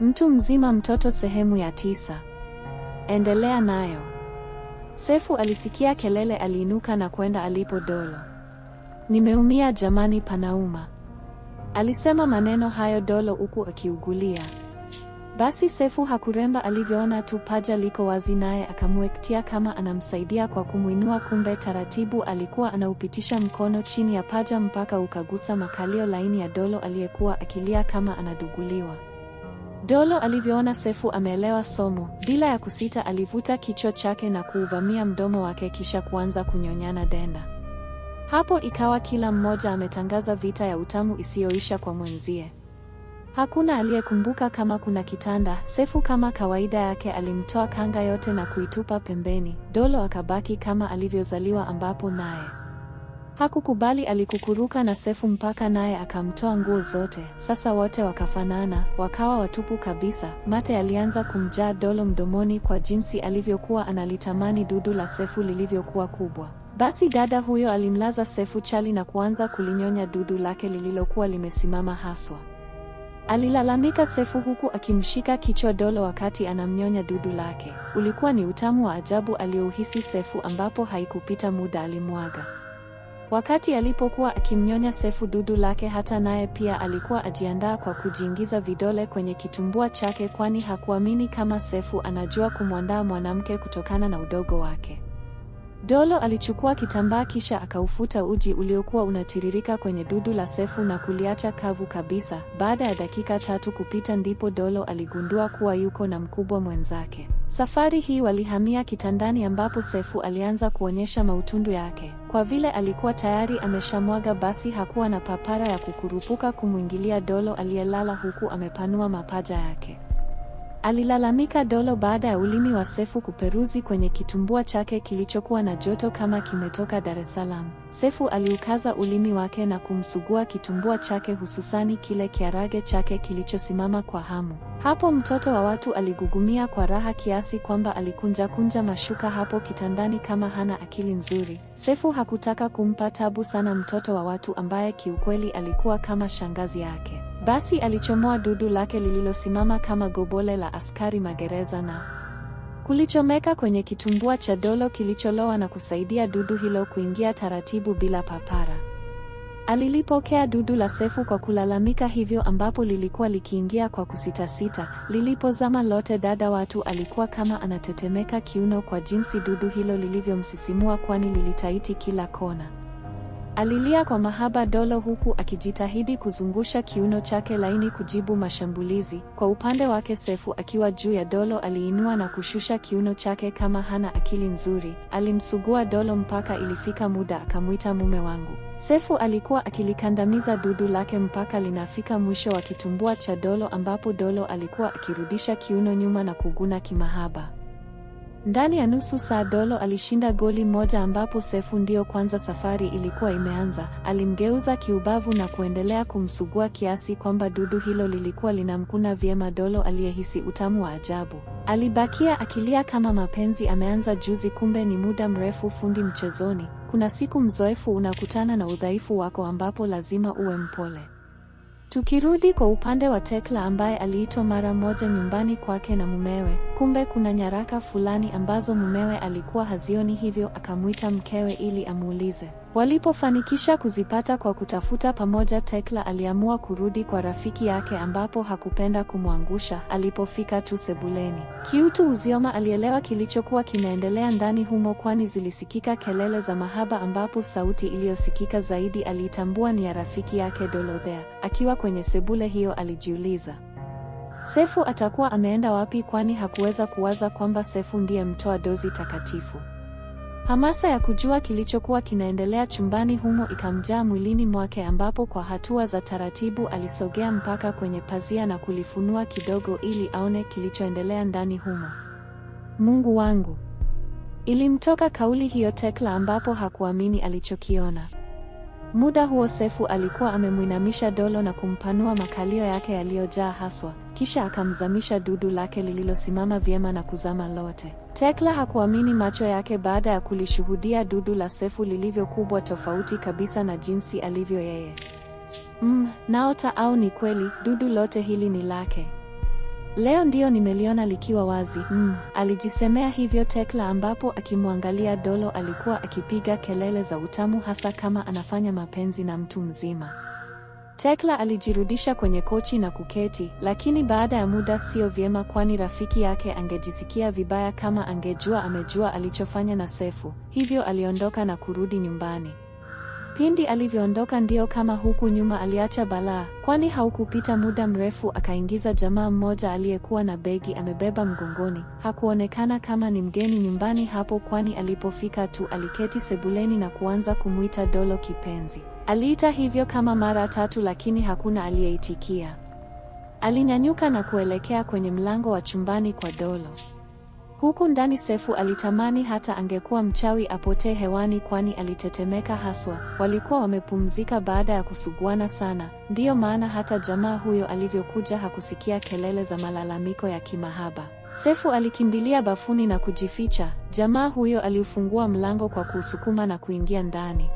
Mtu mzima mtoto sehemu ya tisa. Endelea nayo. Sefu alisikia kelele, aliinuka na kwenda alipo Dolo. Nimeumia jamani, panauma. Alisema maneno hayo Dolo huku akiugulia. Basi Sefu hakuremba alivyoona tu, paja liko wazi, naye akamwektia kama anamsaidia kwa kumwinua, kumbe taratibu alikuwa anaupitisha mkono chini ya paja mpaka ukagusa makalio laini ya Dolo aliyekuwa akilia kama anaduguliwa. Dolo alivyoona Sefu ameelewa somo, bila ya kusita alivuta kichwa chake na kuuvamia mdomo wake kisha kuanza kunyonyana denda. Hapo ikawa kila mmoja ametangaza vita ya utamu isiyoisha kwa mwenzie. Hakuna aliyekumbuka kama kuna kitanda. Sefu kama kawaida yake alimtoa kanga yote na kuitupa pembeni. Dolo akabaki kama alivyozaliwa ambapo naye Hakukubali, alikukuruka na sefu mpaka naye akamtoa nguo zote. Sasa wote wakafanana, wakawa watupu kabisa. Mate alianza kumjaa dolo mdomoni kwa jinsi alivyokuwa analitamani dudu la sefu lilivyokuwa kubwa. Basi dada huyo alimlaza sefu chali na kuanza kulinyonya dudu lake lililokuwa limesimama haswa. Alilalamika Sefu huku akimshika kichwa Dolo wakati anamnyonya dudu lake. Ulikuwa ni utamu wa ajabu aliyouhisi Sefu ambapo haikupita muda alimwaga. Wakati alipokuwa akimnyonya Sefu dudu lake, hata naye pia alikuwa ajiandaa kwa kujiingiza vidole kwenye kitumbua chake, kwani hakuamini kama Sefu anajua kumwandaa mwanamke kutokana na udogo wake. Dolo alichukua kitambaa kisha akaufuta uji uliokuwa unatiririka kwenye dudu la Sefu na kuliacha kavu kabisa. Baada ya dakika tatu kupita ndipo Dolo aligundua kuwa yuko na mkubwa mwenzake. Safari hii walihamia kitandani ambapo Sefu alianza kuonyesha mautundu yake. Kwa vile alikuwa tayari ameshamwaga basi hakuwa na papara ya kukurupuka kumwingilia Dolo aliyelala huku amepanua mapaja yake alilalamika Dolo baada ya ulimi wa Sefu kuperuzi kwenye kitumbua chake kilichokuwa na joto kama kimetoka Dar es Salaam. Sefu aliukaza ulimi wake na kumsugua kitumbua chake, hususani kile kiarage chake kilichosimama kwa hamu. Hapo mtoto wa watu aligugumia kwa raha kiasi kwamba alikunjakunja mashuka hapo kitandani kama hana akili nzuri. Sefu hakutaka kumpa tabu sana mtoto wa watu ambaye kiukweli alikuwa kama shangazi yake. Basi alichomoa dudu lake lililosimama kama gobole la askari magereza na kulichomeka kwenye kitumbua cha dolo kilicholowa na kusaidia dudu hilo kuingia taratibu bila papara. Alilipokea dudu la sefu kwa kulalamika hivyo, ambapo lilikuwa likiingia kwa kusitasita. Lilipozama lote, dada watu alikuwa kama anatetemeka kiuno kwa jinsi dudu hilo lilivyomsisimua, kwani lilitaiti kila kona. Alilia kwa mahaba Dolo huku akijitahidi kuzungusha kiuno chake laini kujibu mashambulizi. Kwa upande wake, Sefu akiwa juu ya Dolo aliinua na kushusha kiuno chake kama hana akili nzuri. Alimsugua Dolo mpaka ilifika muda akamwita mume wangu. Sefu alikuwa akilikandamiza dudu lake mpaka linafika mwisho wa kitumbua cha Dolo ambapo Dolo alikuwa akirudisha kiuno nyuma na kuguna kimahaba. Ndani ya nusu saa Dolo alishinda goli moja ambapo Sefu ndiyo kwanza safari ilikuwa imeanza. Alimgeuza kiubavu na kuendelea kumsugua kiasi kwamba dudu hilo lilikuwa linamkuna vyema Dolo aliyehisi utamu wa ajabu. Alibakia akilia kama mapenzi ameanza juzi kumbe ni muda mrefu fundi mchezoni. Kuna siku mzoefu unakutana na udhaifu wako ambapo lazima uwe mpole. Tukirudi kwa upande wa Tekla ambaye aliitwa mara moja nyumbani kwake na mumewe, kumbe kuna nyaraka fulani ambazo mumewe alikuwa hazioni hivyo akamwita mkewe ili amuulize. Walipofanikisha kuzipata kwa kutafuta pamoja, Tekla aliamua kurudi kwa rafiki yake ambapo hakupenda kumwangusha alipofika tu sebuleni. Kiutu Uzioma alielewa kilichokuwa kinaendelea ndani humo kwani zilisikika kelele za mahaba ambapo sauti iliyosikika zaidi aliitambua ni ya rafiki yake Dolothea. Akiwa kwenye sebule hiyo alijiuliza, Sefu atakuwa ameenda wapi kwani hakuweza kuwaza kwamba Sefu ndiye mtoa dozi takatifu. Hamasa ya kujua kilichokuwa kinaendelea chumbani humo ikamjaa mwilini mwake ambapo kwa hatua za taratibu alisogea mpaka kwenye pazia na kulifunua kidogo ili aone kilichoendelea ndani humo. Mungu wangu! Ilimtoka kauli hiyo Tekla ambapo hakuamini alichokiona. Muda huo Sefu alikuwa amemwinamisha Dolo na kumpanua makalio yake yaliyojaa haswa, kisha akamzamisha dudu lake lililosimama vyema na kuzama lote. Tekla hakuamini macho yake baada ya kulishuhudia dudu la Sefu lilivyokubwa tofauti kabisa na jinsi alivyo yeye. Mm, naota au ni kweli dudu lote hili ni lake? Leo ndio nimeliona likiwa wazi mm, alijisemea hivyo Tekla, ambapo akimwangalia Dolo alikuwa akipiga kelele za utamu, hasa kama anafanya mapenzi na mtu mzima. Tekla alijirudisha kwenye kochi na kuketi, lakini baada ya muda sio vyema, kwani rafiki yake angejisikia vibaya kama angejua amejua alichofanya na Sefu. Hivyo aliondoka na kurudi nyumbani. Pindi alivyoondoka ndio kama huku nyuma aliacha balaa, kwani haukupita muda mrefu akaingiza jamaa mmoja aliyekuwa na begi amebeba mgongoni. Hakuonekana kama ni mgeni nyumbani hapo, kwani alipofika tu aliketi sebuleni na kuanza kumwita Dolo kipenzi. Aliita hivyo kama mara tatu, lakini hakuna aliyeitikia. Alinyanyuka na kuelekea kwenye mlango wa chumbani kwa Dolo. Huku ndani Sefu alitamani hata angekuwa mchawi apotee hewani kwani alitetemeka haswa. Walikuwa wamepumzika baada ya kusuguana sana, ndiyo maana hata jamaa huyo alivyokuja hakusikia kelele za malalamiko ya kimahaba. Sefu alikimbilia bafuni na kujificha. Jamaa huyo aliufungua mlango kwa kuusukuma na kuingia ndani.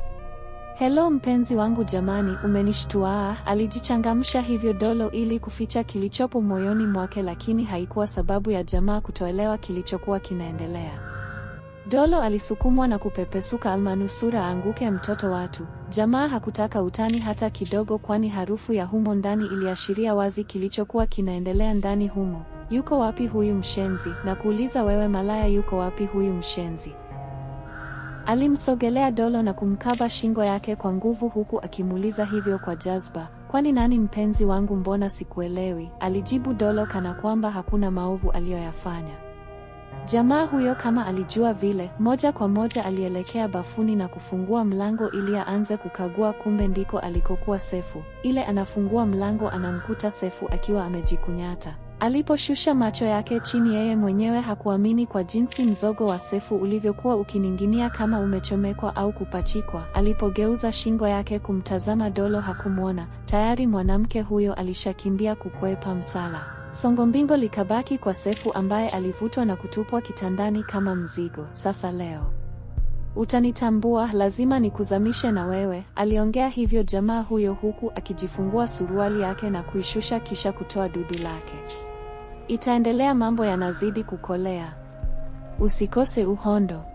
Helo mpenzi wangu jamani, umenishtua, alijichangamsha hivyo Dolo ili kuficha kilichopo moyoni mwake, lakini haikuwa sababu ya jamaa kutoelewa kilichokuwa kinaendelea. Dolo alisukumwa na kupepesuka almanusura aanguke mtoto watu. Jamaa hakutaka utani hata kidogo, kwani harufu ya humo ndani iliashiria wazi kilichokuwa kinaendelea ndani humo. Yuko wapi huyu mshenzi? Na kuuliza wewe malaya, yuko wapi huyu mshenzi? Alimsogelea Dolo na kumkaba shingo yake kwa nguvu huku akimuuliza hivyo kwa jazba. Kwani nani mpenzi wangu, mbona sikuelewi? Alijibu Dolo kana kwamba hakuna maovu aliyoyafanya. Jamaa huyo kama alijua vile, moja kwa moja alielekea bafuni na kufungua mlango ili aanze kukagua, kumbe ndiko alikokuwa Sefu. Ile anafungua mlango anamkuta Sefu akiwa amejikunyata. Aliposhusha macho yake chini, yeye mwenyewe hakuamini kwa jinsi mzogo wa sefu ulivyokuwa ukining'inia kama umechomekwa au kupachikwa. Alipogeuza shingo yake kumtazama Dolo hakumwona, tayari mwanamke huyo alishakimbia kukwepa msala. Songo mbingo likabaki kwa Sefu ambaye alivutwa na kutupwa kitandani kama mzigo. Sasa leo Utanitambua, lazima nikuzamishe na wewe. Aliongea hivyo jamaa huyo huku akijifungua suruali yake na kuishusha kisha kutoa dudu lake. Itaendelea, mambo yanazidi kukolea. Usikose uhondo.